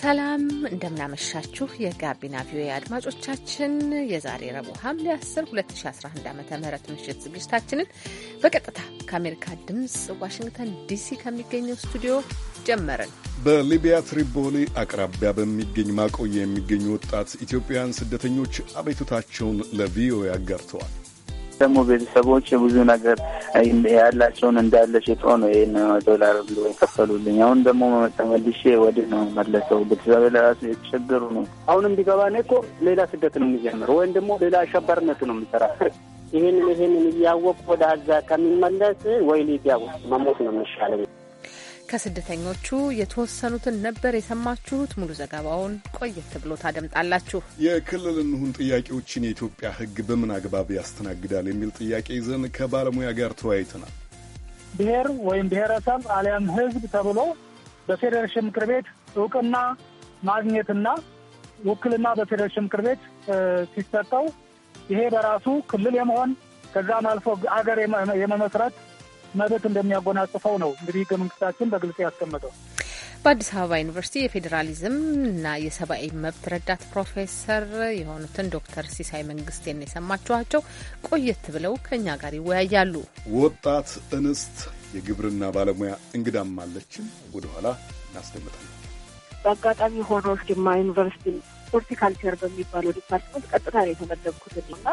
ሰላም እንደምናመሻችሁ የጋቢና ቪኦኤ አድማጮቻችን የዛሬ ረቡዕ ሐምሌ 10 2011 ዓ ም ምሽት ዝግጅታችንን በቀጥታ ከአሜሪካ ድምፅ ዋሽንግተን ዲሲ ከሚገኘው ስቱዲዮ ጀመርን። በሊቢያ ትሪፖሊ አቅራቢያ በሚገኝ ማቆያ የሚገኙ ወጣት ኢትዮጵያውያን ስደተኞች አቤቱታቸውን ለቪኦኤ አጋርተዋል። ደግሞ ቤተሰቦች ብዙ ነገር ያላቸውን እንዳለ ሽጦ ነው ይህን ዶላር ብሎ የከፈሉልኝ። አሁን ደግሞ መጠመልሼ ወደ ነው መለሰው። ቤተሰብ ለራሱ የተቸገሩ ነው። አሁንም ቢገባ እኔ እኮ ሌላ ስደት ነው የሚጀምር ወይም ደግሞ ሌላ አሸባሪነት ነው የሚሰራ። ይህንን ይህንን እያወቁ ወደ አዛ ከሚመለስ ወይ ሊቢያ ውስጥ መሞት ነው የሚሻለኝ። ከስደተኞቹ የተወሰኑትን ነበር የሰማችሁት። ሙሉ ዘገባውን ቆየት ብሎ ታደምጣላችሁ። የክልል እንሁን ጥያቄዎችን የኢትዮጵያ ሕግ በምን አግባብ ያስተናግዳል የሚል ጥያቄ ይዘን ከባለሙያ ጋር ተወያይተናል። ብሔር ወይም ብሔረሰብ አሊያም ሕዝብ ተብሎ በፌዴሬሽን ምክር ቤት እውቅና ማግኘትና ውክልና በፌዴሬሽን ምክር ቤት ሲሰጠው ይሄ በራሱ ክልል የመሆን ከዛም አልፎ አገር የመመስረት መብት እንደሚያጎናጽፈው ነው እንግዲህ ህገ መንግስታችን በግልጽ ያስቀመጠው። በአዲስ አበባ ዩኒቨርሲቲ የፌዴራሊዝም እና የሰብአዊ መብት ረዳት ፕሮፌሰር የሆኑትን ዶክተር ሲሳይ መንግስቴን የሰማችኋቸው። ቆየት ብለው ከእኛ ጋር ይወያያሉ። ወጣት እንስት የግብርና ባለሙያ እንግዳም አለችን። ወደኋላ እናስደምጣለን። በአጋጣሚ ሆኖ ጅማ ዩኒቨርሲቲ ሆርቲካልቸር በሚባለው ዲፓርትመንት ቀጥታ ነው የተመደብኩት እና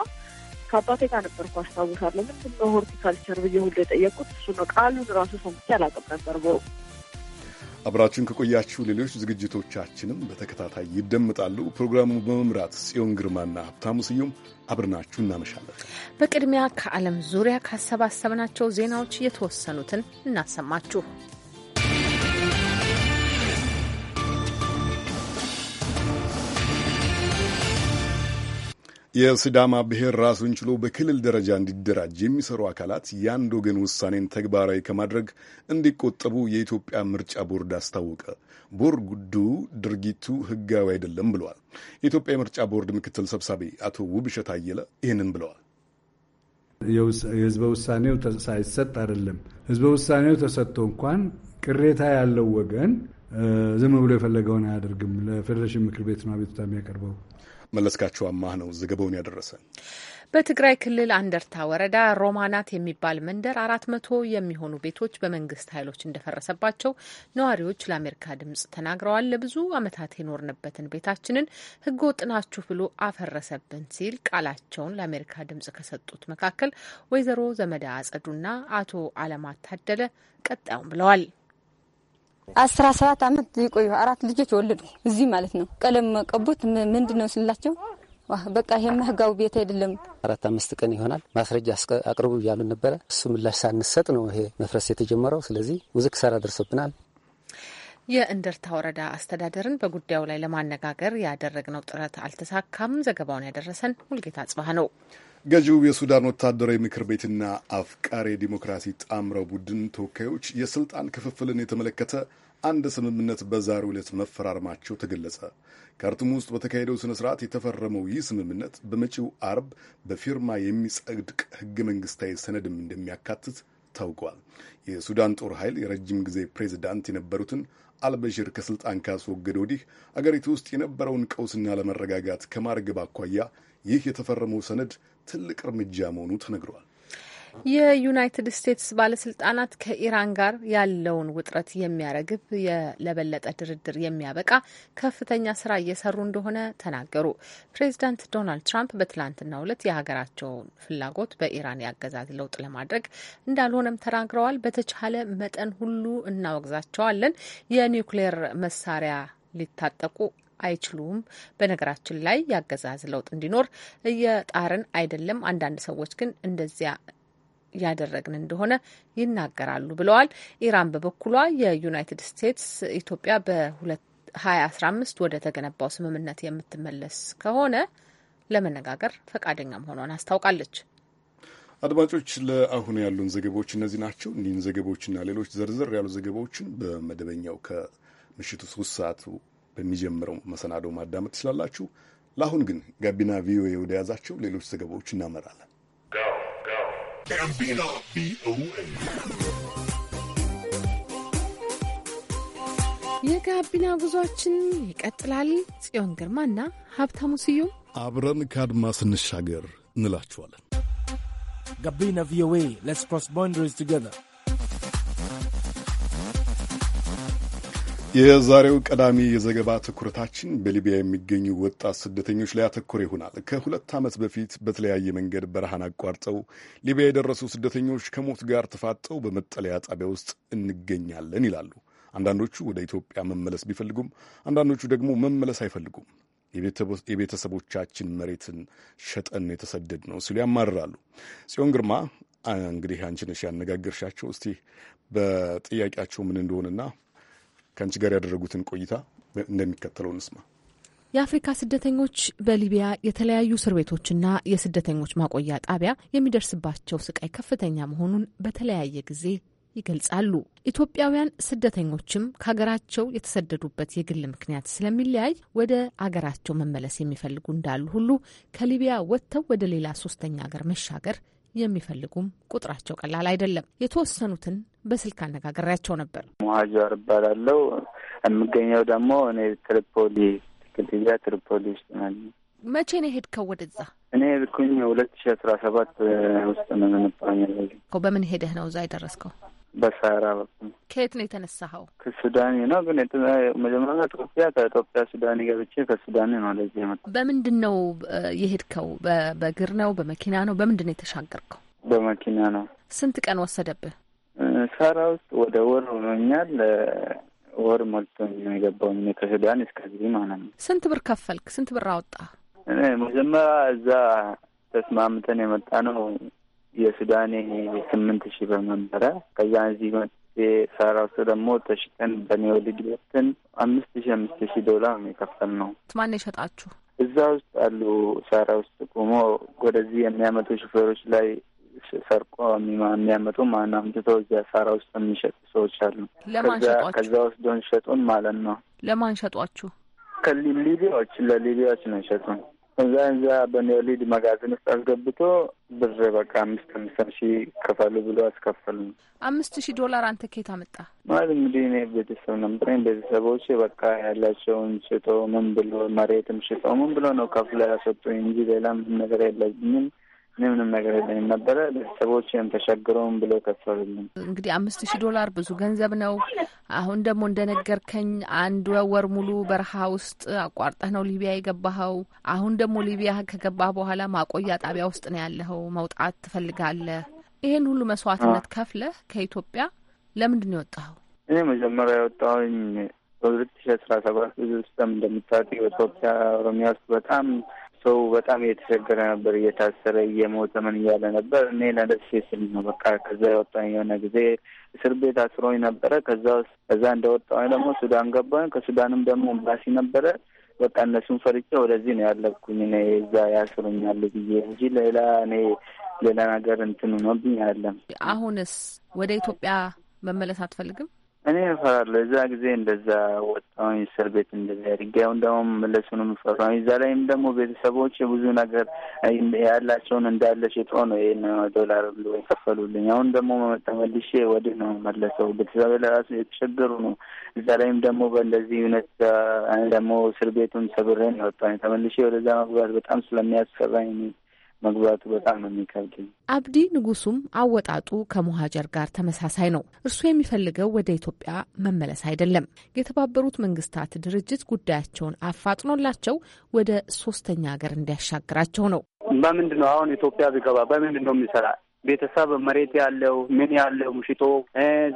ከአባቴ ጋር ነበርኩ አስታውሳለሁ። ምንድን ነው ሆርቲካልቸር ብዬ ሁሉ የጠየቅኩት እሱ ነው። ቃሉን ራሱ ሰምቼ አላውቅም ነበር በወቅቱ። አብራችሁን ከቆያችሁ ሌሎች ዝግጅቶቻችንም በተከታታይ ይደምጣሉ። ፕሮግራሙ በመምራት ጽዮን ግርማና ሀብታሙ ስዩም አብርናችሁ እናመሻለን። በቅድሚያ ከዓለም ዙሪያ ካሰባሰብናቸው ዜናዎች የተወሰኑትን እናሰማችሁ። የሲዳማ ብሔር ራሱን ችሎ በክልል ደረጃ እንዲደራጅ የሚሰሩ አካላት የአንድ ወገን ውሳኔን ተግባራዊ ከማድረግ እንዲቆጠቡ የኢትዮጵያ ምርጫ ቦርድ አስታወቀ። ቦርዱ ድርጊቱ ሕጋዊ አይደለም ብለዋል። የኢትዮጵያ የምርጫ ቦርድ ምክትል ሰብሳቢ አቶ ውብሸት አየለ ይህንን ብለዋል። የህዝበ ውሳኔው ሳይሰጥ አይደለም። ህዝበ ውሳኔው ተሰጥቶ እንኳን ቅሬታ ያለው ወገን ዝም ብሎ የፈለገውን አያደርግም። ለፌዴሬሽን ምክር ቤት ነው አቤቱታ የሚያቀርበው መለስካቸው አማህ ነው ዘገባውን ያደረሰ። በትግራይ ክልል አንደርታ ወረዳ ሮማናት የሚባል መንደር አራት መቶ የሚሆኑ ቤቶች በመንግስት ኃይሎች እንደፈረሰባቸው ነዋሪዎች ለአሜሪካ ድምጽ ተናግረዋል። ለብዙ ዓመታት የኖርንበትን ቤታችንን ህገወጥ ናችሁ ብሎ አፈረሰብን ሲል ቃላቸውን ለአሜሪካ ድምጽ ከሰጡት መካከል ወይዘሮ ዘመዳ አጸዱና አቶ አለማት ታደለ ቀጣዩም ብለዋል። አስራ ሰባት አመት የቆየ አራት ልጆች ወለዱ እዚህ ማለት ነው። ቀለም ቀቡት ምንድን ነው ስንላቸው በቃ ይሄማ ህጋዊ ቤት አይደለም። አራት አምስት ቀን ይሆናል ማስረጃ አቅርቡ እያሉ ነበረ። እሱ ምላሽ ሳንሰጥ ነው ይሄ መፍረስ የተጀመረው። ስለዚህ ውዝ ኪሳራ ደርሶብናል። የእንደርታ ወረዳ አስተዳደርን በጉዳዩ ላይ ለማነጋገር ያደረግነው ጥረት አልተሳካም። ዘገባውን ያደረሰን ሙልጌታ ጽባህ ነው። ገዢው የሱዳን ወታደራዊ ምክር ቤትና አፍቃሪ ዲሞክራሲ ጣምረው ቡድን ተወካዮች የስልጣን ክፍፍልን የተመለከተ አንድ ስምምነት በዛሬው ዕለት መፈራረማቸው ተገለጸ። ካርቱም ውስጥ በተካሄደው ስነ ስርዓት የተፈረመው ይህ ስምምነት በመጪው አርብ በፊርማ የሚጸድቅ ህገ መንግስታዊ ሰነድም እንደሚያካትት ታውቋል። የሱዳን ጦር ኃይል የረጅም ጊዜ ፕሬዚዳንት የነበሩትን አልበሽር ከስልጣን ካስወገደ ወዲህ አገሪቱ ውስጥ የነበረውን ቀውስና ለመረጋጋት ከማርገብ አኳያ ይህ የተፈረመው ሰነድ ትልቅ እርምጃ መሆኑ ተነግሯል። የዩናይትድ ስቴትስ ባለስልጣናት ከኢራን ጋር ያለውን ውጥረት የሚያረግብ ለበለጠ ድርድር የሚያበቃ ከፍተኛ ስራ እየሰሩ እንደሆነ ተናገሩ። ፕሬዚዳንት ዶናልድ ትራምፕ በትላንትናው ሁለት የሀገራቸውን ፍላጎት በኢራን ያገዛዝ ለውጥ ለማድረግ እንዳልሆነም ተናግረዋል። በተቻለ መጠን ሁሉ እናወግዛቸዋለን የኒውክሌር መሳሪያ ሊታጠቁ አይችሉም። በነገራችን ላይ ያገዛዝ ለውጥ እንዲኖር እየጣርን አይደለም። አንዳንድ ሰዎች ግን እንደዚያ ያደረግን እንደሆነ ይናገራሉ ብለዋል። ኢራን በበኩሏ የዩናይትድ ስቴትስ ኢትዮጵያ በ2015 ወደ ተገነባው ስምምነት የምትመለስ ከሆነ ለመነጋገር ፈቃደኛ መሆኗን አስታውቃለች። አድማጮች፣ ለአሁኑ ያሉን ዘገባዎች እነዚህ ናቸው። እንዲህን ዘገባዎችና ሌሎች ዘርዘር ያሉ ዘገባዎችን በመደበኛው ከምሽቱ ሶስት ሰዓቱ በሚጀምረው መሰናዶ ማዳመጥ ትችላላችሁ። ለአሁን ግን ጋቢና ቪኦኤ ወደ ያዛቸው ሌሎች ዘገባዎች እናመራለን። የጋቢና ጉዟችን ይቀጥላል። ጽዮን ግርማና ሀብታሙ ስዩም አብረን ከአድማ ስንሻገር እንላችኋለን። ጋቢና ቪኦኤ ሌትስ ክሮስ ባውንደሪስ ቱጌዘር የዛሬው ቀዳሚ የዘገባ ትኩረታችን በሊቢያ የሚገኙ ወጣት ስደተኞች ላይ አተኮረ ይሆናል። ከሁለት ዓመት በፊት በተለያየ መንገድ በረሃን አቋርጠው ሊቢያ የደረሱ ስደተኞች ከሞት ጋር ተፋጠው በመጠለያ ጣቢያ ውስጥ እንገኛለን ይላሉ። አንዳንዶቹ ወደ ኢትዮጵያ መመለስ ቢፈልጉም፣ አንዳንዶቹ ደግሞ መመለስ አይፈልጉም። የቤተሰቦቻችን መሬትን ሸጠን የተሰደድ ነው ሲሉ ያማርራሉ። ጽዮን ግርማ እንግዲህ አንቺ ነሽ ያነጋገርሻቸው። እስቲ በጥያቄያቸው ምን እንደሆነና ከአንቺ ጋር ያደረጉትን ቆይታ እንደሚከተለው እንስማ። የአፍሪካ ስደተኞች በሊቢያ የተለያዩ እስር ቤቶችና የስደተኞች ማቆያ ጣቢያ የሚደርስባቸው ስቃይ ከፍተኛ መሆኑን በተለያየ ጊዜ ይገልጻሉ። ኢትዮጵያውያን ስደተኞችም ከሀገራቸው የተሰደዱበት የግል ምክንያት ስለሚለያይ ወደ አገራቸው መመለስ የሚፈልጉ እንዳሉ ሁሉ ከሊቢያ ወጥተው ወደ ሌላ ሶስተኛ ሀገር መሻገር የሚፈልጉም ቁጥራቸው ቀላል አይደለም። የተወሰኑትን በስልክ አነጋግሬያቸው ነበር። ሙሀጀር እባላለሁ። የምገኘው ደግሞ እኔ ትሪፖሊ ትክልያ ትሪፖሊ ውስጥ ናለ። መቼ ነው የሄድከው ወደዛ? እኔ ሄድኩኝ ሁለት ሺ አስራ ሰባት ውስጥ ነው። ምንባኛ በምን ሄደህ ነው እዛ የደረስከው? በሰሃራ በኩል ከየት ነው የተነሳኸው? ከሱዳን ነው። ግን መጀመሪያ ኢትዮጵያ፣ ከኢትዮጵያ ሱዳን ገብቼ ከሱዳን ነው ወደዚህ የመጣሁት። በምንድን ነው የሄድከው? በእግር ነው? በመኪና ነው? በምንድን ነው የተሻገርከው? በመኪና ነው። ስንት ቀን ወሰደብህ? ሰሃራ ውስጥ ወደ ወር ሆኖኛል። ወር ሞልቶ የገባው ከሱዳን እስከዚህ ማለት ነው። ስንት ብር ከፈልክ? ስንት ብር አወጣ? መጀመሪያ እዛ ተስማምተን የመጣ ነው የሱዳኔ ስምንት ሺህ ብር ነበረ። ከዛ እዚህ መጥቼ ሰራሱ ደግሞ ተሽጠን በኔ ወልድ ወትን አምስት ሺህ አምስት ሺህ ዶላር ነው የከፈል ነው። ማን የሸጣችሁ? እዛ ውስጥ አሉ ሰራ ውስጥ ቆሞ ወደዚህ የሚያመጡ ሹፌሮች ላይ ሰርቆ የሚያመጡ ማን አምጥቶ እዚያ ሰራ ውስጥ የሚሸጡ ሰዎች አሉ። ከዛ ወስዶን ሸጡን ማለት ነው። ለማን ሸጧችሁ? ከሊቢያዎች ለሊቢያዎች ነው ሸጡን። እዛ እዛ በኔሊድ መጋዘን ውስጥ አስገብቶ ብር በቃ አምስት አምስት ሺ ክፈሉ ብሎ አስከፈሉ። አምስት ሺ ዶላር አንተ ከየት አመጣ? ማለት እንግዲህ እኔ ቤተሰብ ነበረኝ። ቤተሰቦች በቃ ያላቸውን ሽጦ ምን ብሎ መሬትም ሽጦ ምን ብሎ ነው ከፍለ ያሰጡኝ እንጂ ሌላ ምን ነገር የለብኝም። እኔ ምንም ነገር የለኝም ነበረ። ቤተሰቦችም ተቸግረውም ብለው ከፈሉልኝ። እንግዲህ አምስት ሺህ ዶላር ብዙ ገንዘብ ነው። አሁን ደግሞ እንደነገርከኝ አንድ ወር ሙሉ በረሃ ውስጥ አቋርጠህ ነው ሊቢያ የገባኸው። አሁን ደግሞ ሊቢያ ከገባህ በኋላ ማቆያ ጣቢያ ውስጥ ነው ያለኸው። መውጣት ትፈልጋለህ። ይህን ሁሉ መስዋዕትነት ከፍለህ ከኢትዮጵያ ለምንድን ነው የወጣኸው? እኔ መጀመሪያ የወጣሁኝ በሁለት ሺህ አስራ ሰባት ብዙ ውስጥም እንደምታውቂው ኢትዮጵያ ኦሮሚያ ውስጥ በጣም ሰው በጣም እየተቸገረ ነበር። እየታሰረ እየሞተ ምን እያለ ነበር። እኔ ለደሴ ስል ነው በቃ ከዛ የወጣኝ። የሆነ ጊዜ እስር ቤት አስሮኝ ነበረ። ከዛ ውስጥ ከዛ እንደወጣኝ ደግሞ ሱዳን ገባኝ። ከሱዳንም ደግሞ ኤምባሲ ነበረ። በቃ እነሱን ፈርቼ ወደዚህ ነው ያለኩኝ። እኔ እዛ ያስሩኛል ብዬ እንጂ ሌላ እኔ ሌላ ነገር እንትን ሆኖብኝ አለም። አሁንስ ወደ ኢትዮጵያ መመለስ አትፈልግም? እኔ እፈራለሁ። እዛ ጊዜ እንደዛ ወጣሁኝ እስር ቤት እንደዚህ አድርጌ አሁን ደግሞ መመለሱንም እፈራሁኝ። እዛ ላይም ደግሞ ቤተሰቦች ብዙ ነገር ያላቸውን እንዳለ ሽጦ ነው ይህን ዶላር ብሎ የከፈሉልኝ። አሁን ደግሞ ተመልሼ ወዲህ ነው መለሰው። ቤተሰብ ለራሱ የተቸገሩ ነው። እዛ ላይም ደግሞ በእንደዚህ እውነት ደግሞ እስር ቤቱን ሰብሬን ወጣሁኝ። ተመልሼ ወደዛ መግባት በጣም ስለሚያስፈራኝ መግባቱ በጣም ነው የሚከብድኝ። አብዲ ንጉሱም አወጣጡ ከመሀጀር ጋር ተመሳሳይ ነው። እርሱ የሚፈልገው ወደ ኢትዮጵያ መመለስ አይደለም። የተባበሩት መንግስታት ድርጅት ጉዳያቸውን አፋጥኖላቸው ወደ ሶስተኛ ሀገር እንዲያሻግራቸው ነው። በምንድን ነው አሁን ኢትዮጵያ ቢገባ በምንድን ነው የሚሰራ? ቤተሰብ መሬት ያለው ምን ያለው ሽጦ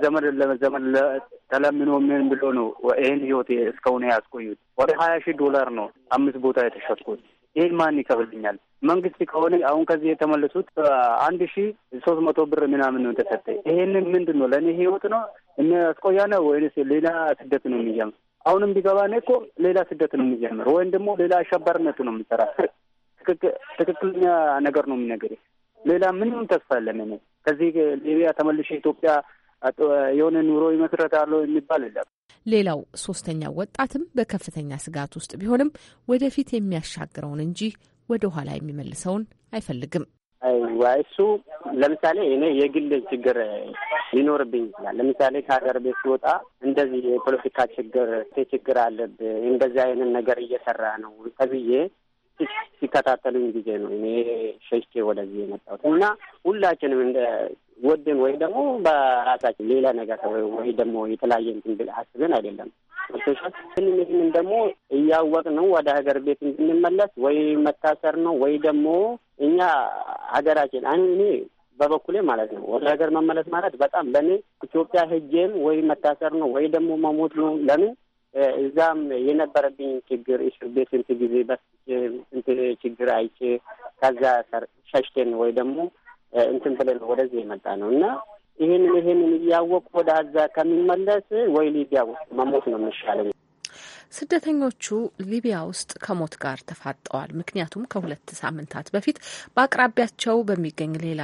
ዘመድ ለዘመድ ተለምኖ ምን ብሎ ነው ይህን ህይወት እስከሆነ ያስቆዩት። ወደ ሀያ ሺህ ዶላር ነው አምስት ቦታ የተሸጥኩት ይህን ማን ይከፍልኛል? መንግስት ከሆነ አሁን ከዚህ የተመለሱት አንድ ሺ ሶስት መቶ ብር ምናምን ነው የተሰጠ። ይሄንን ምንድን ነው ለእኔ ህይወት ነው የሚያስቆያ ነው ወይንስ ሌላ ስደት ነው የሚጀምር? አሁንም ቢገባ እኔ እኮ ሌላ ስደት ነው የሚጀምር ወይም ደግሞ ሌላ አሸባሪነት ነው የሚሰራ። ትክክለኛ ነገር ነው የሚነገር። ሌላ ምንም ተስፋ የለም። እኔ ከዚህ ሊቢያ ተመልሼ ኢትዮጵያ የሆነ ኑሮ ይመስረታለሁ የሚባል የለም። ሌላው ሶስተኛው ወጣትም በከፍተኛ ስጋት ውስጥ ቢሆንም ወደፊት የሚያሻግረውን እንጂ ወደ ኋላ የሚመልሰውን አይፈልግም። እሱ ለምሳሌ እኔ የግል ችግር ሊኖርብኝ ይችላል። ለምሳሌ ከሀገር ቤት ሲወጣ እንደዚህ የፖለቲካ ችግር ችግር አለብህ እንደዚህ አይነት ነገር እየሰራ ነው ተብዬ ሲከታተሉኝ ጊዜ ነው እኔ ሸሽቼ ወደዚህ የመጣሁት እና ሁላችንም እንደ ወድን ወይ ደግሞ በራሳችን ሌላ ነገር ወይ ደግሞ የተለያየ እንትን ብል አስብን አይደለም ሶሻል ይህንን ደግሞ እያወቅ ነው ወደ ሀገር ቤት እንድንመለስ ወይ መታሰር ነው ወይ ደግሞ እኛ ሀገራችን እኔ በበኩሌ ማለት ነው ወደ ሀገር መመለስ ማለት በጣም ለእኔ ኢትዮጵያ ሄጄም ወይ መታሰር ነው ወይ ደግሞ መሞት ነው ለምን እዛም የነበረብኝ ችግር እስር ቤት ስንት ጊዜ በስንት ችግር አይቼ ከዛ ሸሽቴን ወይ ደግሞ እንትን ብለን ወደዚህ የመጣ ነው እና ይህንን ይህንን እያወቅ ወደ አዛ ከሚመለስ ወይ ሊቢያ ውስጥ መሞት ነው የሚሻለኝ። ስደተኞቹ ሊቢያ ውስጥ ከሞት ጋር ተፋጠዋል። ምክንያቱም ከሁለት ሳምንታት በፊት በአቅራቢያቸው በሚገኝ ሌላ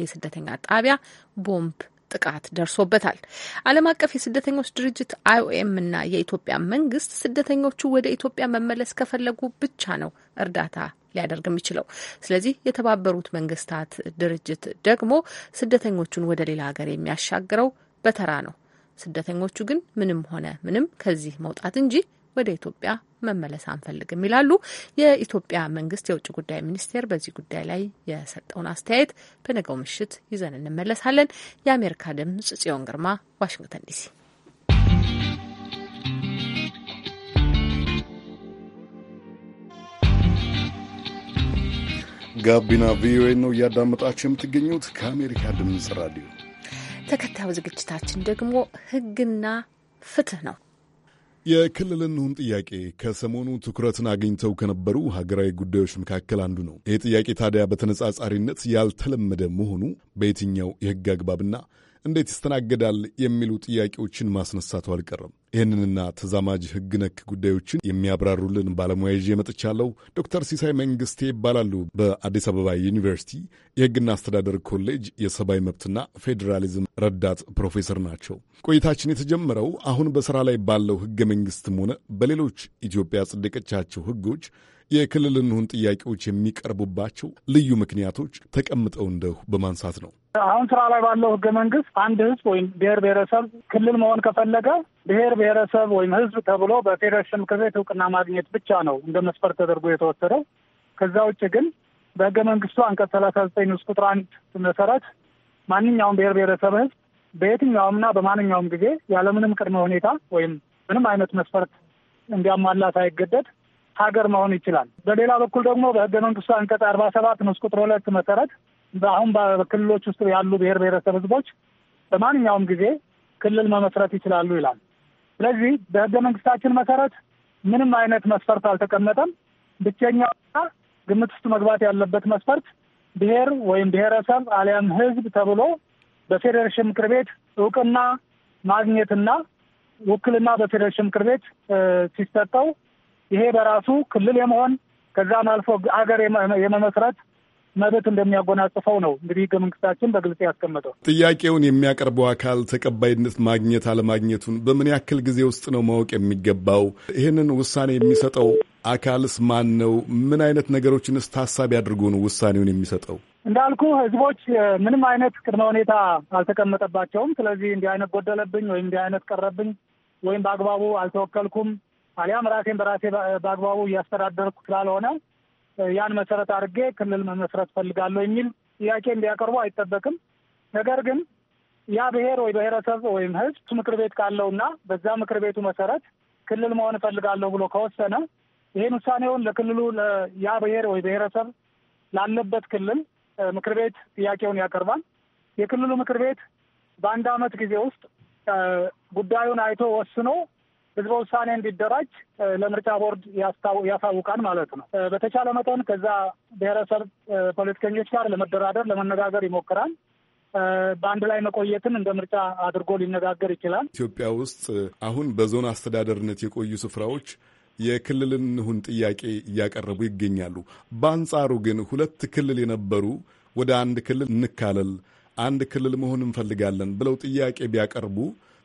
የስደተኛ ጣቢያ ቦምብ ጥቃት ደርሶበታል። ዓለም አቀፍ የስደተኞች ድርጅት አይኦኤም እና የኢትዮጵያ መንግስት ስደተኞቹ ወደ ኢትዮጵያ መመለስ ከፈለጉ ብቻ ነው እርዳታ ሊያደርግ የሚችለው። ስለዚህ የተባበሩት መንግስታት ድርጅት ደግሞ ስደተኞቹን ወደ ሌላ ሀገር የሚያሻግረው በተራ ነው። ስደተኞቹ ግን ምንም ሆነ ምንም ከዚህ መውጣት እንጂ ወደ ኢትዮጵያ መመለስ አንፈልግም ይላሉ። የኢትዮጵያ መንግስት የውጭ ጉዳይ ሚኒስቴር በዚህ ጉዳይ ላይ የሰጠውን አስተያየት በነገው ምሽት ይዘን እንመለሳለን። የአሜሪካ ድምጽ ጽዮን ግርማ፣ ዋሽንግተን ዲሲ። ጋቢና ቪኦኤ ነው እያዳመጣችሁ የምትገኙት ከአሜሪካ ድምፅ ራዲዮ። ተከታዩ ዝግጅታችን ደግሞ ህግና ፍትህ ነው። የክልልን ሁን ጥያቄ ከሰሞኑ ትኩረትን አግኝተው ከነበሩ ሀገራዊ ጉዳዮች መካከል አንዱ ነው። ይህ ጥያቄ ታዲያ በተነጻጻሪነት ያልተለመደ መሆኑ በየትኛው የህግ አግባብና እንዴት ይስተናገዳል የሚሉ ጥያቄዎችን ማስነሳቱ አልቀረም። ይህንንና ተዛማጅ ሕግ ነክ ጉዳዮችን የሚያብራሩልን ባለሙያ ይዤ መጥቻለሁ። ዶክተር ሲሳይ መንግስቴ ይባላሉ። በአዲስ አበባ ዩኒቨርሲቲ የሕግና አስተዳደር ኮሌጅ የሰብአዊ መብትና ፌዴራሊዝም ረዳት ፕሮፌሰር ናቸው። ቆይታችን የተጀመረው አሁን በስራ ላይ ባለው ሕገ መንግስትም ሆነ በሌሎች ኢትዮጵያ ያጸደቀቻቸው ሕጎች የክልል ጥያቄዎች የሚቀርቡባቸው ልዩ ምክንያቶች ተቀምጠው እንደሁ በማንሳት ነው። አሁን ስራ ላይ ባለው ህገ መንግስት አንድ ህዝብ ወይም ብሔር ብሔረሰብ ክልል መሆን ከፈለገ ብሔር ብሔረሰብ ወይም ህዝብ ተብሎ በፌዴሬሽን ምክር ቤት እውቅና ማግኘት ብቻ ነው እንደ መስፈርት ተደርጎ የተወሰደው። ከዛ ውጭ ግን በህገ መንግስቱ አንቀጽ ሰላሳ ዘጠኝ ንዑስ ቁጥር አንድ መሰረት ማንኛውም ብሔር ብሔረሰብ ህዝብ በየትኛውምና በማንኛውም ጊዜ ያለምንም ቅድመ ሁኔታ ወይም ምንም አይነት መስፈርት እንዲያሟላ ሳይገደድ ሀገር መሆን ይችላል። በሌላ በኩል ደግሞ በህገ መንግስቱ አንቀጽ አርባ ሰባት ንዑስ ቁጥር ሁለት መሰረት አሁን በክልሎች ውስጥ ያሉ ብሔር ብሔረሰብ ህዝቦች በማንኛውም ጊዜ ክልል መመስረት ይችላሉ ይላል። ስለዚህ በህገ መንግስታችን መሰረት ምንም አይነት መስፈርት አልተቀመጠም። ብቸኛውና ግምት ውስጥ መግባት ያለበት መስፈርት ብሔር ወይም ብሔረሰብ አሊያም ህዝብ ተብሎ በፌዴሬሽን ምክር ቤት እውቅና ማግኘትና ውክልና በፌዴሬሽን ምክር ቤት ሲሰጠው ይሄ በራሱ ክልል የመሆን ከዛም አልፎ አገር የመመስረት መብት እንደሚያጎናጽፈው ነው እንግዲህ ህገ መንግስታችን በግልጽ ያስቀመጠው። ጥያቄውን የሚያቀርበው አካል ተቀባይነት ማግኘት አለማግኘቱን በምን ያክል ጊዜ ውስጥ ነው ማወቅ የሚገባው? ይህንን ውሳኔ የሚሰጠው አካልስ ማን ነው? ምን አይነት ነገሮችንስ ታሳቢ አድርጎ ነው ውሳኔውን የሚሰጠው? እንዳልኩ ህዝቦች ምንም አይነት ቅድመ ሁኔታ አልተቀመጠባቸውም። ስለዚህ እንዲህ አይነት ጎደለብኝ ወይም እንዲህ አይነት ቀረብኝ ወይም በአግባቡ አልተወከልኩም አሊያም ራሴን በራሴ በአግባቡ እያስተዳደርኩ ስላልሆነ ያን መሰረት አድርጌ ክልል መመስረት ፈልጋለሁ የሚል ጥያቄ እንዲያቀርቡ አይጠበቅም። ነገር ግን ያ ብሔር ወይ ብሔረሰብ ወይም ህዝብ ምክር ቤት ካለውና በዛ ምክር ቤቱ መሰረት ክልል መሆን እፈልጋለሁ ብሎ ከወሰነ ይህን ውሳኔውን ለክልሉ ያ ብሔር ወይ ብሔረሰብ ላለበት ክልል ምክር ቤት ጥያቄውን ያቀርባል። የክልሉ ምክር ቤት በአንድ ዓመት ጊዜ ውስጥ ጉዳዩን አይቶ ወስኖ ህዝበ ውሳኔ እንዲደራጅ ለምርጫ ቦርድ ያሳውቃል ማለት ነው። በተቻለ መጠን ከዛ ብሔረሰብ ፖለቲከኞች ጋር ለመደራደር ለመነጋገር ይሞክራል። በአንድ ላይ መቆየትን እንደ ምርጫ አድርጎ ሊነጋገር ይችላል። ኢትዮጵያ ውስጥ አሁን በዞን አስተዳደርነት የቆዩ ስፍራዎች የክልልን ሁን ጥያቄ እያቀረቡ ይገኛሉ። በአንጻሩ ግን ሁለት ክልል የነበሩ ወደ አንድ ክልል እንካለል፣ አንድ ክልል መሆን እንፈልጋለን ብለው ጥያቄ ቢያቀርቡ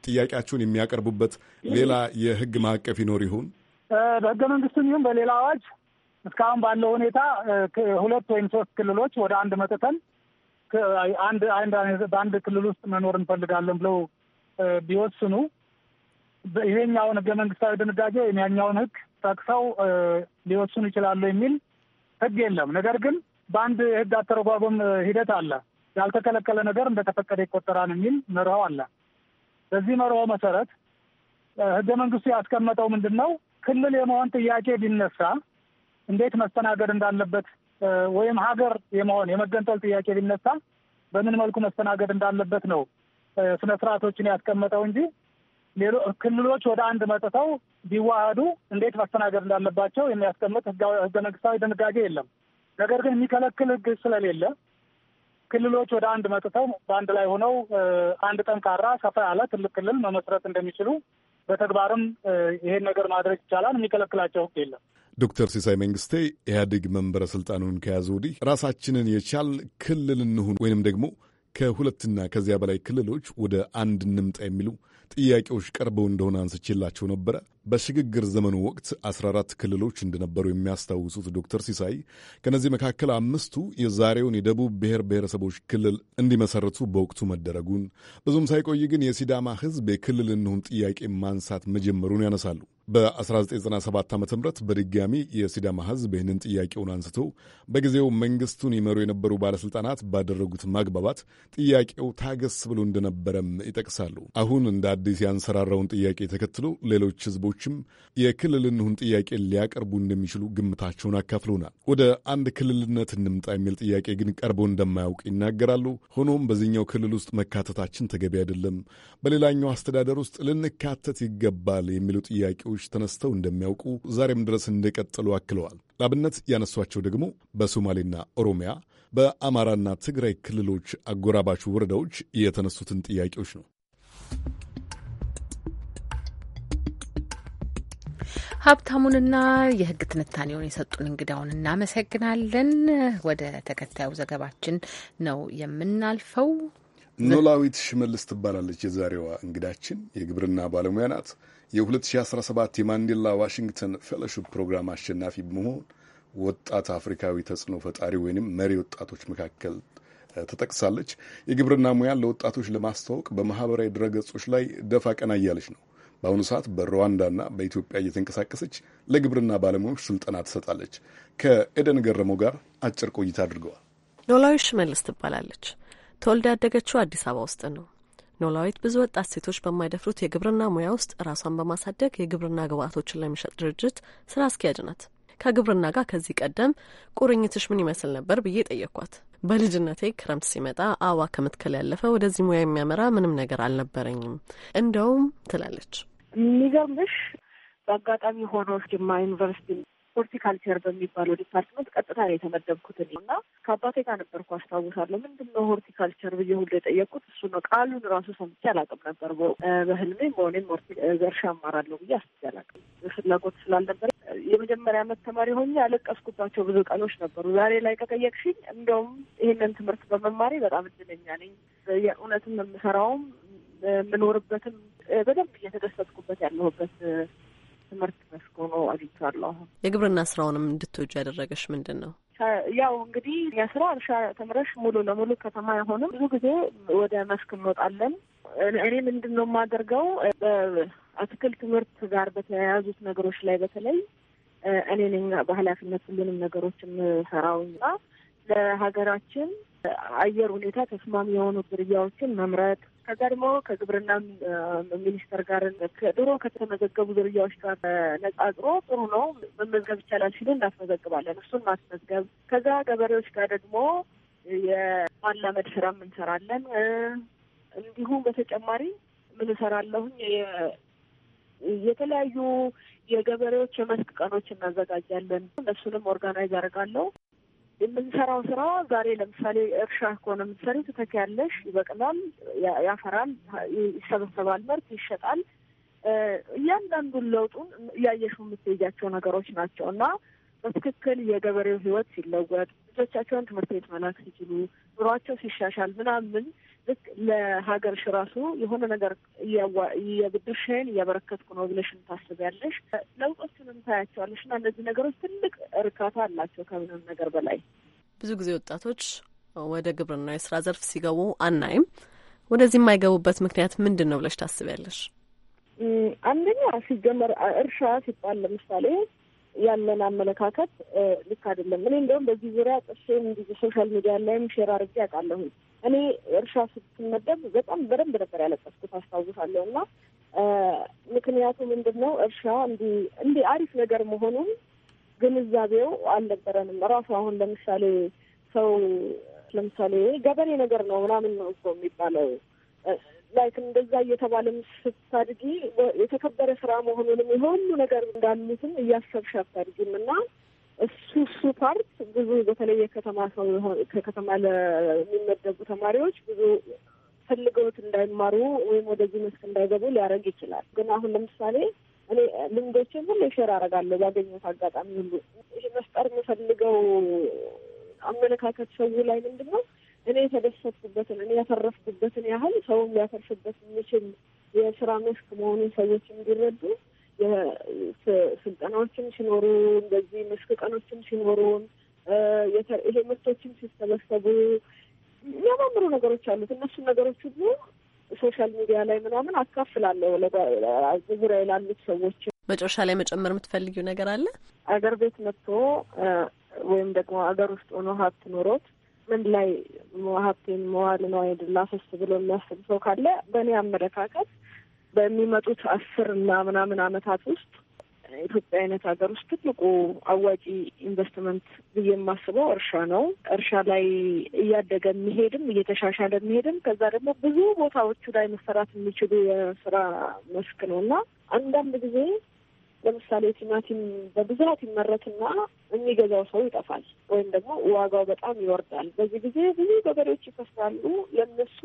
ጥያቄያቸውን የሚያቀርቡበት ሌላ የህግ ማዕቀፍ ይኖር ይሆን? በህገ መንግስትም ይሁን በሌላ አዋጅ እስካሁን ባለው ሁኔታ ሁለት ወይም ሶስት ክልሎች ወደ አንድ መጥተን አንድ በአንድ ክልል ውስጥ መኖር እንፈልጋለን ብለው ቢወስኑ ይሄኛውን ህገ መንግስታዊ ድንጋጌ ያኛውን ህግ ጠቅሰው ሊወስኑ ይችላሉ የሚል ህግ የለም። ነገር ግን በአንድ ህግ አተረጓጎም ሂደት አለ። ያልተከለከለ ነገር እንደተፈቀደ ይቆጠራል የሚል መርሃው አለ። በዚህ መርሆ መሰረት ህገ መንግስቱ ያስቀመጠው ምንድን ነው? ክልል የመሆን ጥያቄ ቢነሳ እንዴት መስተናገድ እንዳለበት ወይም ሀገር የመሆን የመገንጠል ጥያቄ ቢነሳ በምን መልኩ መስተናገድ እንዳለበት ነው ስነ ስርዓቶችን ያስቀመጠው እንጂ ክልሎች ወደ አንድ መጥተው ቢዋሃዱ እንዴት መስተናገድ እንዳለባቸው የሚያስቀምጥ ህገ መንግስታዊ ድንጋጌ የለም። ነገር ግን የሚከለክል ህግ ስለሌለ ክልሎች ወደ አንድ መጥተው በአንድ ላይ ሆነው አንድ ጠንካራ ሰፋ ያለ ትልቅ ክልል መመስረት እንደሚችሉ በተግባርም ይሄን ነገር ማድረግ ይቻላል። የሚከለክላቸው ህግ የለም። ዶክተር ሲሳይ መንግስቴ ኢህአዴግ መንበረ ስልጣኑን ከያዘ ወዲህ ራሳችንን የቻል ክልል እንሁን ወይንም ደግሞ ከሁለትና ከዚያ በላይ ክልሎች ወደ አንድ እንምጣ የሚሉ ጥያቄዎች ቀርበው እንደሆነ አንስቼላቸው ነበረ። በሽግግር ዘመኑ ወቅት 14 ክልሎች እንደነበሩ የሚያስታውሱት ዶክተር ሲሳይ ከነዚህ መካከል አምስቱ የዛሬውን የደቡብ ብሔር ብሔረሰቦች ክልል እንዲመሰርቱ በወቅቱ መደረጉን ብዙም ሳይቆይ ግን የሲዳማ ሕዝብ የክልል እንሁን ጥያቄ ማንሳት መጀመሩን ያነሳሉ። በ1997 ዓ ም በድጋሚ የሲዳማ ሕዝብ ይህንን ጥያቄውን አንስቶ በጊዜው መንግስቱን ይመሩ የነበሩ ባለሥልጣናት ባደረጉት ማግባባት ጥያቄው ታገስ ብሎ እንደነበረም ይጠቅሳሉ። አሁን እንደ አዲስ ያንሰራራውን ጥያቄ ተከትሎ ሌሎች ሕዝቦች ፓርቲዎችም የክልልንሁን ጥያቄ ሊያቀርቡ እንደሚችሉ ግምታቸውን አካፍለውናል። ወደ አንድ ክልልነት እንምጣ የሚል ጥያቄ ግን ቀርቦ እንደማያውቅ ይናገራሉ። ሆኖም በዚህኛው ክልል ውስጥ መካተታችን ተገቢ አይደለም፣ በሌላኛው አስተዳደር ውስጥ ልንካተት ይገባል የሚሉ ጥያቄዎች ተነስተው እንደሚያውቁ ዛሬም ድረስ እንደቀጠሉ አክለዋል። ላብነት ያነሷቸው ደግሞ በሶማሌና ኦሮሚያ በአማራና ትግራይ ክልሎች አጎራባች ወረዳዎች የተነሱትን ጥያቄዎች ነው። ሀብታሙንና የህግ ትንታኔውን የሰጡን እንግዳውን እናመሰግናለን። ወደ ተከታዩ ዘገባችን ነው የምናልፈው። ኖላዊት ሽመልስ ትባላለች የዛሬዋ እንግዳችን። የግብርና ባለሙያ ናት። የ2017 የማንዴላ ዋሽንግተን ፌሎሺፕ ፕሮግራም አሸናፊ በመሆን ወጣት አፍሪካዊ ተጽዕኖ ፈጣሪ ወይም መሪ ወጣቶች መካከል ተጠቅሳለች። የግብርና ሙያን ለወጣቶች ለማስተዋወቅ በማህበራዊ ድረገጾች ላይ ደፋ ቀና እያለች ነው። በአሁኑ ሰዓት በሩዋንዳና በኢትዮጵያ እየተንቀሳቀሰች ለግብርና ባለሙያዎች ስልጠና ትሰጣለች። ከኤደን ገረመው ጋር አጭር ቆይታ አድርገዋል። ኖላዊ ሽመልስ ትባላለች። ተወልዳ ያደገችው አዲስ አበባ ውስጥ ነው። ኖላዊት ብዙ ወጣት ሴቶች በማይደፍሩት የግብርና ሙያ ውስጥ ራሷን በማሳደግ የግብርና ግብአቶችን ለሚሸጥ ድርጅት ስራ አስኪያጅ ናት። ከግብርና ጋር ከዚህ ቀደም ቁርኝትሽ ምን ይመስል ነበር ብዬ ጠየቅኳት። በልጅነቴ ክረምት ሲመጣ አበባ ከመትከል ያለፈ ወደዚህ ሙያ የሚያመራ ምንም ነገር አልነበረኝም እንደውም ትላለች። የሚገርምሽ በአጋጣሚ ሆኖ ጅማ ዩኒቨርሲቲ ሆርቲካልቸር በሚባለው ዲፓርትመንት ቀጥታ ነው የተመደብኩት እና ከአባቴ ጋር ነበርኩ አስታውሳለሁ። ምንድን ነው ሆርቲካልቸር ብዬ ሁሉ የጠየቅኩት እሱ ነው። ቃሉን ራሱ ሰምቼ አላውቅም ነበር። በህልሜ መሆኔም እርሻ አማራለሁ ብዬ አስቤ አላውቅም። ፍላጎት ስላልነበረ የመጀመሪያ ዓመት ተማሪ ሆኜ ያለቀስኩባቸው ብዙ ቀኖች ነበሩ። ዛሬ ላይ ከጠየቅሽኝ እንደውም ይህንን ትምህርት በመማሬ በጣም እድለኛ ነኝ። የእውነትም የምሰራውም የምኖርበትም በደንብ እየተደሰጥኩበት ያለሁበት ትምህርት መስክ ሆኖ አግኝቻለሁ። አሁን የግብርና ስራውንም እንድትወጁ ያደረገሽ ምንድን ነው? ያው እንግዲህ እኛ ስራ እርሻ ተምረሽ ሙሉ ለሙሉ ከተማ አይሆንም። ብዙ ጊዜ ወደ መስክ እንወጣለን። እኔ ምንድን ነው የማደርገው በአትክልት ትምህርት ጋር በተያያዙት ነገሮች ላይ በተለይ እኔ ነኝ በኃላፊነት ሁሉንም ነገሮች የምሰራው እና ለሀገራችን አየር ሁኔታ ተስማሚ የሆኑ ዝርያዎችን መምረጥ ከዛ ደግሞ ከግብርና ሚኒስቴር ጋር ድሮ ከተመዘገቡ ዝርያዎች ጋር ነጻጽሮ ጥሩ ነው መመዝገብ ይቻላል ሲሉ እናስመዘግባለን። እሱን ማስመዝገብ ከዛ ገበሬዎች ጋር ደግሞ የማላመድ ስራም እንሰራለን። እንዲሁም በተጨማሪ ምን እሰራለሁኝ የተለያዩ የገበሬዎች የመስክ ቀኖች እናዘጋጃለን። እነሱንም ኦርጋናይዝ አደርጋለሁ። የምንሰራው ስራ ዛሬ ለምሳሌ እርሻ ከሆነ የምትሰሪ ትተኪያለሽ፣ ይበቅላል፣ ያፈራል፣ ይሰበሰባል፣ ምርት ይሸጣል። እያንዳንዱን ለውጡን እያየሹ የምትሄጃቸው ነገሮች ናቸው እና በትክክል የገበሬው ህይወት ሲለወጥ ልጆቻቸውን ትምህርት ቤት መላክ ሲችሉ ኑሯቸው ሲሻሻል ምናምን ልክ ለሀገር ሽራሱ የሆነ ነገር የብድርሽን እያበረከትኩ ነው ብለሽን ታስቢያለሽ። ለውጦችንም ታያቸዋለሽ እና እነዚህ ነገሮች ትልቅ እርካታ አላቸው ከምንም ነገር በላይ። ብዙ ጊዜ ወጣቶች ወደ ግብርና የስራ ዘርፍ ሲገቡ አናይም። ወደዚህ የማይገቡበት ምክንያት ምንድን ነው ብለሽ ታስቢያለሽ? አንደኛ ሲጀመር እርሻ ሲባል ለምሳሌ ያለን አመለካከት ልክ አይደለም። እኔ እንደውም በዚህ ዙሪያ ጥሼም እንዲህ ሶሻል ሚዲያ ላይም ሼር አድርጌ አውቃለሁ። እኔ እርሻ ስትመደብ በጣም በደንብ ነበር ያለቀስኩት አስታውሳለሁ። እና ምክንያቱ ምንድን ነው? እርሻ እንዲህ አሪፍ ነገር መሆኑን ግንዛቤው አልነበረንም። እራሱ አሁን ለምሳሌ ሰው ለምሳሌ ገበሬ ነገር ነው ምናምን ነው እኮ የሚባለው ላይክ እንደዛ እየተባለም ስታድጊ የተከበረ ስራ መሆኑንም የሆኑ ነገር እንዳሉትም እያሰብሽ አታድጊም እና እሱ እሱ ፓርት ብዙ በተለይ የከተማ ሰው ከከተማ ለሚመደቡ ተማሪዎች ብዙ ፈልገውት እንዳይማሩ ወይም ወደዚህ መስክ እንዳይገቡ ሊያደርግ ይችላል። ግን አሁን ለምሳሌ እኔ ልምዶችን ሁሉ ሼር አደርጋለሁ ባገኘሁት አጋጣሚ ሁሉ። ይህ መፍጠር የምፈልገው አመለካከት ሰው ላይ ምንድን ነው እኔ የተደሰትኩበትን እኔ ያተረፍኩበትን ያህል ሰውም ሊያተርፍበት የሚችል የስራ መስክ መሆኑን ሰዎች እንዲረዱ ስልጠናዎችም ሲኖሩ እንደዚህ መስክ ቀኖችም ሲኖሩን ይሄ ምርቶችም ሲሰበሰቡ የሚያማምሩ ነገሮች አሉት። እነሱን ነገሮች ሁሉ ሶሻል ሚዲያ ላይ ምናምን አካፍላለሁ ዙሪያ ላሉት ሰዎች። መጨረሻ ላይ መጨመር የምትፈልጊው ነገር አለ? አገር ቤት መጥቶ ወይም ደግሞ አገር ውስጥ ሆኖ ሀብት ኖሮት ምን ላይ ሀብቴን መዋል ነው አይደል ላፈስ ብሎ የሚያስብ ሰው ካለ በእኔ አመለካከት በሚመጡት አስር እና ምናምን አመታት ውስጥ ኢትዮጵያ አይነት ሀገር ውስጥ ትልቁ አዋጪ ኢንቨስትመንት ብዬ የማስበው እርሻ ነው። እርሻ ላይ እያደገ የሚሄድም እየተሻሻለ የሚሄድም ከዛ ደግሞ ብዙ ቦታዎቹ ላይ መሰራት የሚችሉ የስራ መስክ ነው እና አንዳንድ ጊዜ ለምሳሌ ቲማቲም በብዛት ይመረትና የሚገዛው ሰው ይጠፋል፣ ወይም ደግሞ ዋጋው በጣም ይወርዳል። በዚህ ጊዜ ብዙ ገበሬዎች ይከስራሉ። ለነሱ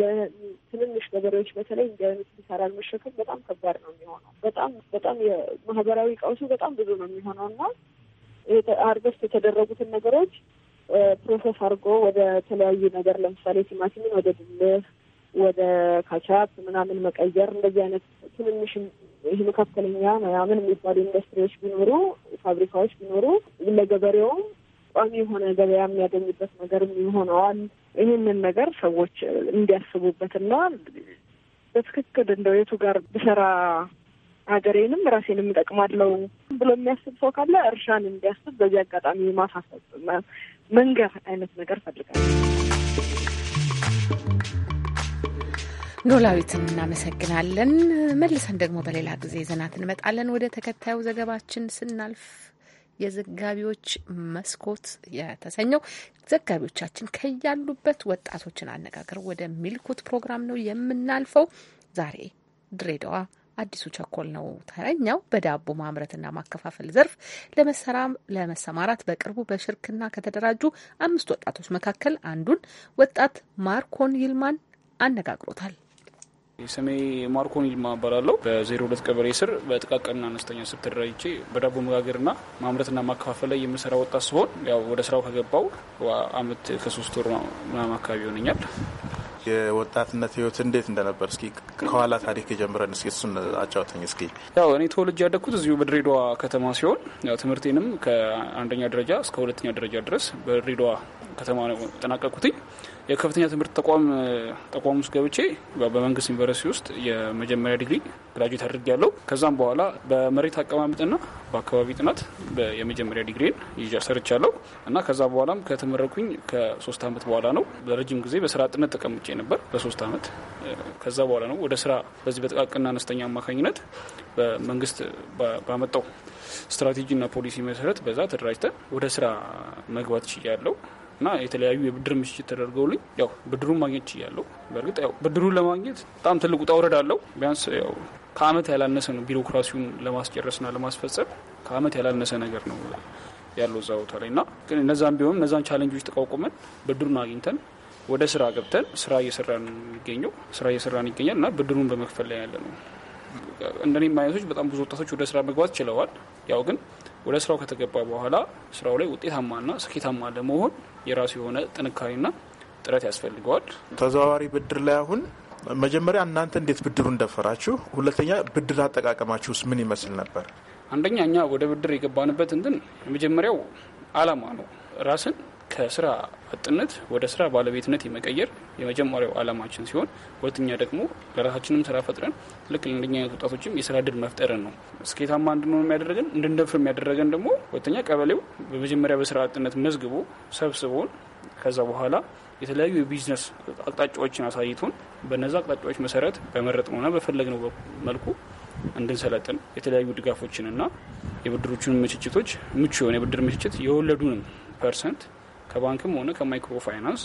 ለትንንሽ ገበሬዎች በተለይ እንዲህ አይነት ኪሳራን መሸከም በጣም ከባድ ነው የሚሆነው። በጣም በጣም የማህበራዊ ቀውሱ በጣም ብዙ ነው የሚሆነው እና አርገስት የተደረጉትን ነገሮች ፕሮሰስ አድርጎ ወደ ተለያዩ ነገር ለምሳሌ ቲማቲምን ወደ ድልህ ወደ ካቻፕ ምናምን መቀየር እንደዚህ አይነት ትንንሽ ይህ መካከለኛ ምናምን የሚባሉ ኢንዱስትሪዎች ቢኖሩ ፋብሪካዎች ቢኖሩ ለገበሬውም ቋሚ የሆነ ገበያ የሚያገኝበት ነገር ይሆነዋል። ይህንን ነገር ሰዎች እንዲያስቡበትና በትክክል እንደው የቱ ጋር ብሰራ ሀገሬንም ራሴንም እጠቅማለሁ ብሎ የሚያስብ ሰው ካለ እርሻን እንዲያስብ በዚህ አጋጣሚ ማሳሰብ መንገር አይነት ነገር ፈልጋለሁ። ኖላዊትን እናመሰግናለን። መልሰን ደግሞ በሌላ ጊዜ ዘናት እንመጣለን። ወደ ተከታዩ ዘገባችን ስናልፍ የዘጋቢዎች መስኮት የተሰኘው ዘጋቢዎቻችን ከያሉበት ወጣቶችን አነጋገር ወደሚልኩት ፕሮግራም ነው የምናልፈው። ዛሬ ድሬዳዋ አዲሱ ቸኮል ነው ተረኛው። በዳቦ ማምረትና ማከፋፈል ዘርፍ ለመሰማራት በቅርቡ በሽርክና ከተደራጁ አምስት ወጣቶች መካከል አንዱን ወጣት ማርኮን ይልማን አነጋግሮታል። ስሜ ማርኮን ይልማ እባላለሁ። በ02 ቀበሌ ስር በጥቃቅንና አነስተኛ ስር ተደራጅቼ በዳቦ መጋገርና ማምረትና ማከፋፈል ላይ የምሰራ ወጣት ሲሆን ያው ወደ ስራው ከገባው አመት ከሶስት ወር ምናምን አካባቢ ይሆነኛል። የወጣትነት ህይወት እንዴት እንደነበር እስኪ ከኋላ ታሪክ የጀምረን እስኪ እሱን አጫውተኝ እስኪ። ያው እኔ ተወልጄ ያደግኩት እዚሁ በድሬዳዋ ከተማ ሲሆን ያው ትምህርቴንም ከአንደኛ ደረጃ እስከ ሁለተኛ ደረጃ ድረስ በድሬዳዋ ከተማ ነው ጠናቀቅኩትኝ። የከፍተኛ ትምህርት ተቋም ተቋም ውስጥ ገብቼ በመንግስት ዩኒቨርሲቲ ውስጥ የመጀመሪያ ዲግሪ ግራጁዌት ያለው ከዛም በኋላ በመሬት አቀማመጥና በአካባቢ ጥናት የመጀመሪያ ዲግሪን ይዤ ሰርቻለሁ እና ከዛ በኋላም ከተመረኩኝ ከሶስት ዓመት በኋላ ነው። ለረጅም ጊዜ በስራ አጥነት ተቀምጬ ነበር በሶስት ዓመት። ከዛ በኋላ ነው ወደ ስራ በዚህ በጥቃቅንና አነስተኛ አማካኝነት በመንግስት ባመጣው ስትራቴጂና ፖሊሲ መሰረት በዛ ተደራጅተን ወደ ስራ መግባት ችያለሁ። እና የተለያዩ የብድር ምሽት ተደርገውልኝ ያው ብድሩን ማግኘት ችያለሁ። በእርግጥ ያው ብድሩን ለማግኘት በጣም ትልቁ ጣውረድ አለው። ቢያንስ ያው ከአመት ያላነሰ ነው ቢሮክራሲውን ለማስጨረስና ለማስፈጸም ከአመት ያላነሰ ነገር ነው ያለው እዛ ቦታ ላይ እና ግን እነዛን ቢሆንም እነዛን ቻለንጆች ተቋቁመን ብድሩን አግኝተን ወደ ስራ ገብተን ስራ እየሰራን የሚገኘው ስራ እየሰራን ይገኛል እና ብድሩን በመክፈል ላይ ያለ ነው። እንደኔም አይነቶች በጣም ብዙ ወጣቶች ወደ ስራ መግባት ችለዋል። ያው ግን ወደ ስራው ከተገባ በኋላ ስራው ላይ ውጤታማና ስኬታማ ለመሆን የራሱ የሆነ ጥንካሬና ጥረት ያስፈልገዋል። ተዘዋዋሪ ብድር ላይ አሁን መጀመሪያ እናንተ እንዴት ብድሩን እንደፈራችሁ፣ ሁለተኛ ብድር አጠቃቀማችሁስ ምን ይመስል ነበር? አንደኛ እኛ ወደ ብድር የገባንበት እንትን የመጀመሪያው አላማ ነው ራስን ከስራ አጥነት ወደ ስራ ባለቤትነት የመቀየር የመጀመሪያው ዓላማችን ሲሆን ሁለተኛ ደግሞ ለራሳችንም ስራ ፈጥረን ልክ ለእንደኛ ወጣቶችም የስራ እድል መፍጠርን ነው። ስኬታማ እንድንሆን የሚያደረገን እንድንደፍር የሚያደረገን ደግሞ ሁለተኛ ቀበሌው በመጀመሪያ በስራ አጥነት መዝግቦ ሰብስቦን ከዛ በኋላ የተለያዩ የቢዝነስ አቅጣጫዎችን አሳይቱን በነዛ አቅጣጫዎች መሰረት በመረጥነውና በፈለግነው መልኩ እንድንሰለጥን የተለያዩ ድጋፎችንና የብድሮቹን ምችችቶች ምቹ የሆነ የብድር ምችችት የወለዱንም ፐርሰንት ከባንክም ሆነ ከማይክሮ ፋይናንስ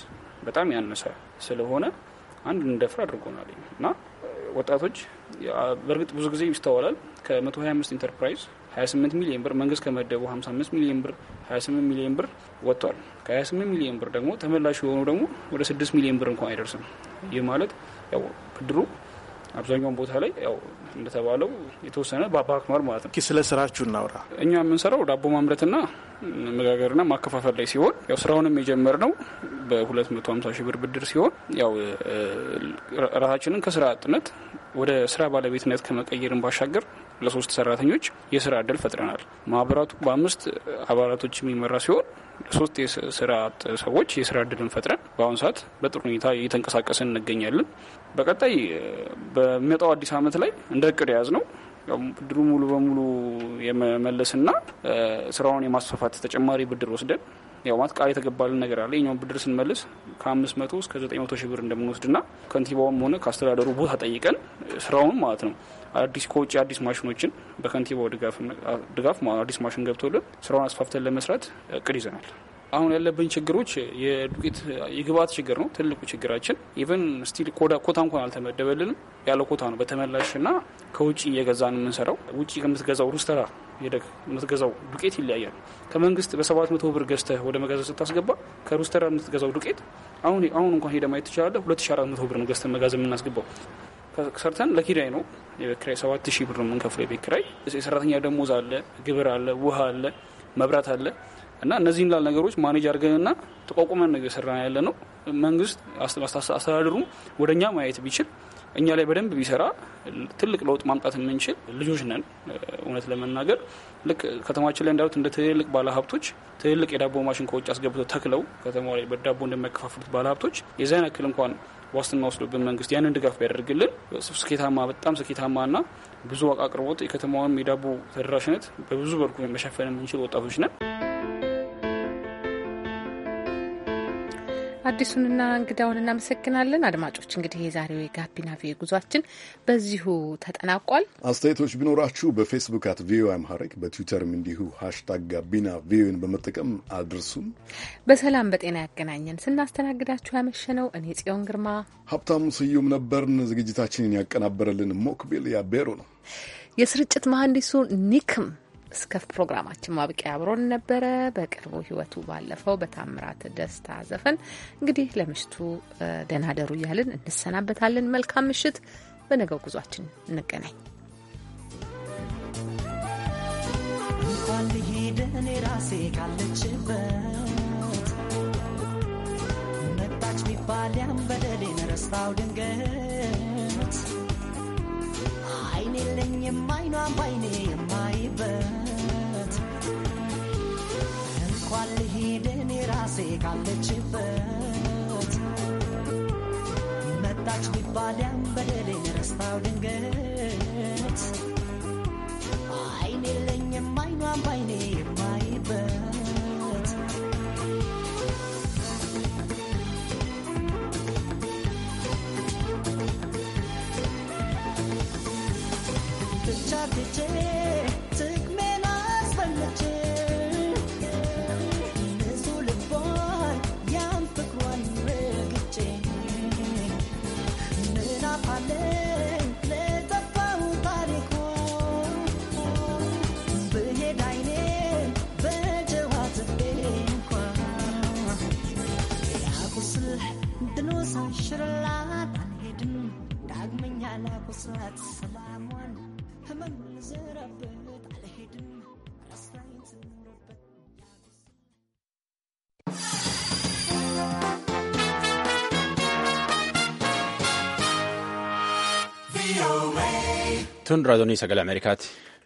በጣም ያነሰ ስለሆነ አንድ እንደፍር አድርጎናል እና ወጣቶች በእርግጥ ብዙ ጊዜ ይስተዋላል። ከ125 ኢንተርፕራይዝ 28 ሚሊዮን ብር መንግስት ከመደቡ 55 ሚሊዮን ብር 28 ሚሊዮን ብር ወጥቷል። ከ28 ሚሊዮን ብር ደግሞ ተመላሽ የሆኑ ደግሞ ወደ 6 ሚሊዮን ብር እንኳን አይደርስም። ይህ ማለት ያው ብድሩ አብዛኛውን ቦታ ላይ ያው እንደተባለው የተወሰነ በአባክማር ማለት ነው። ስለ ስራችሁ እናውራ። እኛ የምንሰራው ዳቦ ማምረትና መጋገርና ማከፋፈል ላይ ሲሆን ያው ስራውንም የጀመርነው በ250 ሺ ብር ብድር ሲሆን ያው ራሳችንን ከስራ አጥነት ወደ ስራ ባለቤትነት ከመቀየርን ባሻገር ለሶስት ሰራተኞች የስራ እድል ፈጥረናል። ማህበራቱ በአምስት አባላቶች የሚመራ ሲሆን ሶስት የስራ አጥ ሰዎች የስራ እድልን ፈጥረን በአሁኑ ሰዓት በጥሩ ሁኔታ እየተንቀሳቀስን እንገኛለን። በቀጣይ በሚመጣው አዲስ አመት ላይ እንደ እቅድ የያዝ ነው ብድሩ ሙሉ በሙሉ የመመለስና ስራውን የማስፋፋት ተጨማሪ ብድር ወስደን ያው ማለት ቃል የተገባልን ነገር አለ። የኛውን ብድር ስንመልስ ከአምስት መቶ እስከ ዘጠኝ መቶ ሺህ ብር እንደምንወስድና ከንቲባውም ሆነ ከአስተዳደሩ ቦታ ጠይቀን ስራውን ማለት ነው አዲስ ከውጭ አዲስ ማሽኖችን በከንቲባው ድጋፍ አዲስ ማሽን ገብቶልን ስራውን አስፋፍተን ለመስራት እቅድ ይዘናል። አሁን ያለብን ችግሮች የዱቄት የግብአት ችግር ነው ትልቁ ችግራችን። ኢቨን ስቲል ኮታ እንኳን አልተመደበልንም። ያለ ኮታ ነው በተመላሽና ከውጭ ነው የምንሰራው። ውጭ ከምትገዛው ሩስተራ ሄደህ የምትገዛው ዱቄት ይለያያል። ከመንግስት በሰባት መቶ ብር ገዝተህ ወደ መጋዘን ስታስገባ ከሩስተራ የምትገዛው ዱቄት አሁን አሁን እንኳን ሄደ ማየት ትችላለህ። ሁለት ሺ አራት መቶ ብር ነው ገዝተን መጋዘን የምናስገባው ሰርተን ለኪራይ ነው የቤት ኪራይ ሰባት ሺህ ብር ነው የምንከፍለው። የቤት ኪራይ የሰራተኛ ደሞዝ አለ፣ ግብር አለ፣ ውሃ አለ፣ መብራት አለ። እና እነዚህን ላል ነገሮች ማኔጅ አድርገንና ተቋቁመን ነው እየሰራ ያለ ነው። መንግስት አስተዳደሩ ወደ እኛ ማየት ቢችል እኛ ላይ በደንብ ቢሰራ ትልቅ ለውጥ ማምጣት የምንችል ልጆች ነን። እውነት ለመናገር ልክ ከተማችን ላይ እንዳሉት እንደ ትልልቅ ባለሀብቶች ትልልቅ የዳቦ ማሽን ከውጭ አስገብተው ተክለው ከተማ ላይ በዳቦ እንደሚያከፋፍሉት ባለሀብቶች የዚያን ያክል እንኳን ዋስትና ወስዶብን መንግስት ያንን ድጋፍ ቢያደርግልን ስኬታማ በጣም ስኬታማና ብዙ አቅርቦት የከተማውን የዳቦ ተደራሽነት በብዙ በልኩ መሸፈን የምንችል ወጣቶች ነን። አዲሱንና እንግዳውን እናመሰግናለን። አድማጮች እንግዲህ የዛሬው የጋቢና ቪዮ ጉዟችን በዚሁ ተጠናቋል። አስተያየቶች ቢኖራችሁ በፌስቡክ አት ቪኦኤ አምሃሪክ በትዊተርም እንዲሁ ሀሽታግ ጋቢና ቪኦኤን በመጠቀም አድርሱም። በሰላም በጤና ያገናኘን። ስናስተናግዳችሁ ያመሸነው እኔ ጽዮን ግርማ፣ ሀብታሙ ስዩም ነበርን። ዝግጅታችንን ያቀናበረልን ሞክቤል ያቤሮ ነው። የስርጭት መሐንዲሱ ኒክም እስከ ፕሮግራማችን ማብቂያ አብሮን ነበረ። በቅርቡ ህይወቱ ባለፈው በታምራት ደስታ ዘፈን እንግዲህ ለምሽቱ ደናደሩ እያልን እንሰናበታለን። መልካም ምሽት። በነገው ጉዟችን እንገናኝ። ልሄድ እኔ ራሴ በደሌን ረስታው ድንገት አይኔ ለኝ የማይኗ ባይኔ የማይበት እንኳን ልሂድ እኔ ራሴ ካለችበት መጣች ቢባልያም በደሌን ረስታው ድንገት አይን የለኝም አይኗም ባይኔ የማይበት ብቻ ትቼ ብስራት ሰላምዋን ሕመም ዘረብት ኣለሄድን ረስራይን ዝንብበት tun raadioon sagalee ameerikaati.